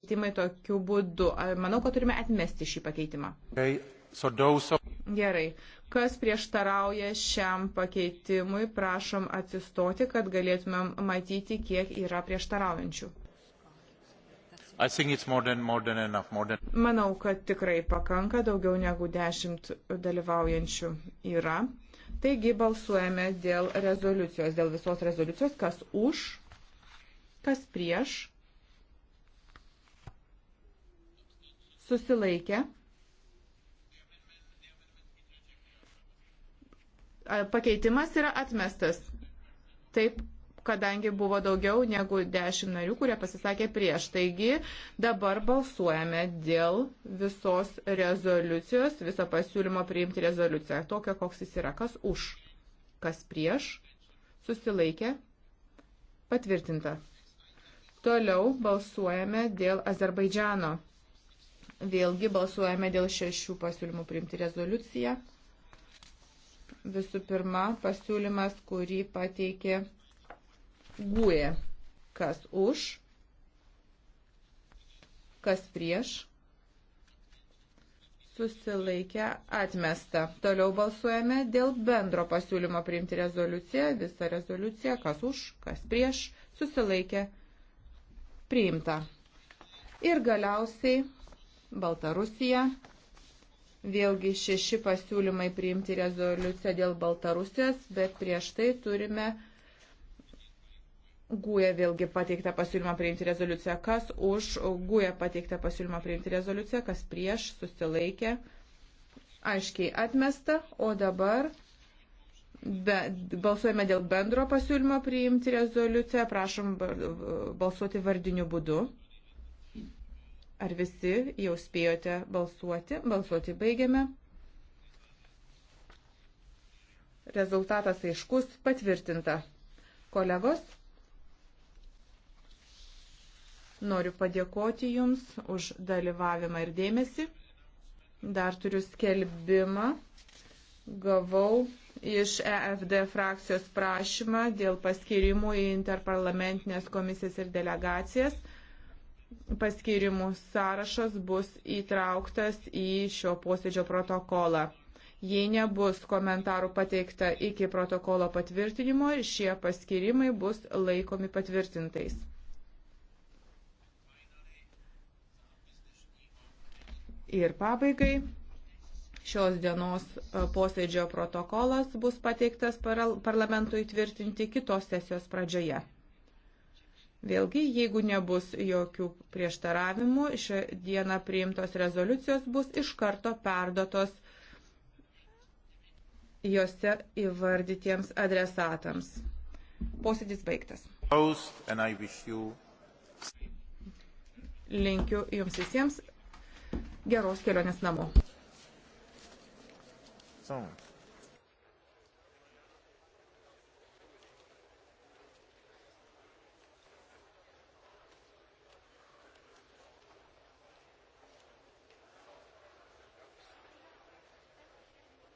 pakeitimai tokiu būdu. Manau, kad turime atmesti šį pakeitimą. Okay. So those... Gerai. Kas prieštarauja šiam pakeitimui, prašom atsistoti, kad galėtumėm matyti, kiek yra prieštaraujančių. More than, more than enough, than... Manau, kad tikrai pakanka, daugiau negu dešimt dalyvaujančių yra. Taigi balsuojame dėl rezoliucijos, dėl visos rezoliucijos, kas už, kas prieš susilaikė. Pakeitimas yra atmestas. Taip, kadangi buvo daugiau negu 10 narių, kurie pasisakė prieš. Taigi dabar balsuojame dėl visos rezoliucijos, viso pasiūlymo priimti rezoliuciją. Tokio, koks jis yra, kas už, kas prieš, susilaikė, patvirtinta. Toliau balsuojame dėl Azerbaidžiano. Vėlgi balsuojame dėl šešių pasiūlymų priimti rezoliuciją. Visų pirma, pasiūlymas, kurį pateikė GUE. Kas už, kas prieš, susilaikę atmesta. Toliau balsuojame dėl bendro pasiūlymo priimti rezoliuciją. Visa rezoliucija, kas už, kas prieš, susilaikę priimta. Ir galiausiai Baltarusija. Vėlgi šeši pasiūlymai priimti rezoliuciją dėl Baltarusijos, bet prieš tai turime GUE vėlgi pateiktą pasiūlymą priimti rezoliuciją. Kas už GUE pateiktą pasiūlymą priimti rezoliuciją, kas prieš susilaikė. Aiškiai atmesta, o dabar Be, balsuojame dėl bendro pasiūlymo priimti rezoliuciją, prašom balsuoti vardiniu būdu. Ar visi jau spėjote balsuoti? Balsuoti baigiame. Rezultatas aiškus patvirtinta. Kolegos, noriu padėkoti Jums už dalyvavimą ir dėmesį. Dar turiu skelbimą. Gavau iš EFD frakcijos prašymą dėl paskirimų į interparlamentinės komisijas ir delegacijas paskirimų sąrašas bus įtrauktas į šio posėdžio protokolą. Jei nebus komentarų pateikta iki protokolo patvirtinimo, šie paskirimai bus laikomi patvirtintais. Ir pabaigai šios dienos e, posėdžio protokolas bus pateiktas parlamentui tvirtinti kitos sesijos pradžioje. Vėlgi, jeigu nebus jokių prieštaravimų, šią dieną priimtos rezoliucijos bus iš karto perdotos jose įvardytiems adresatams. Posėdis baigtas. Linkiu jums visiems geros kelionės namo. So.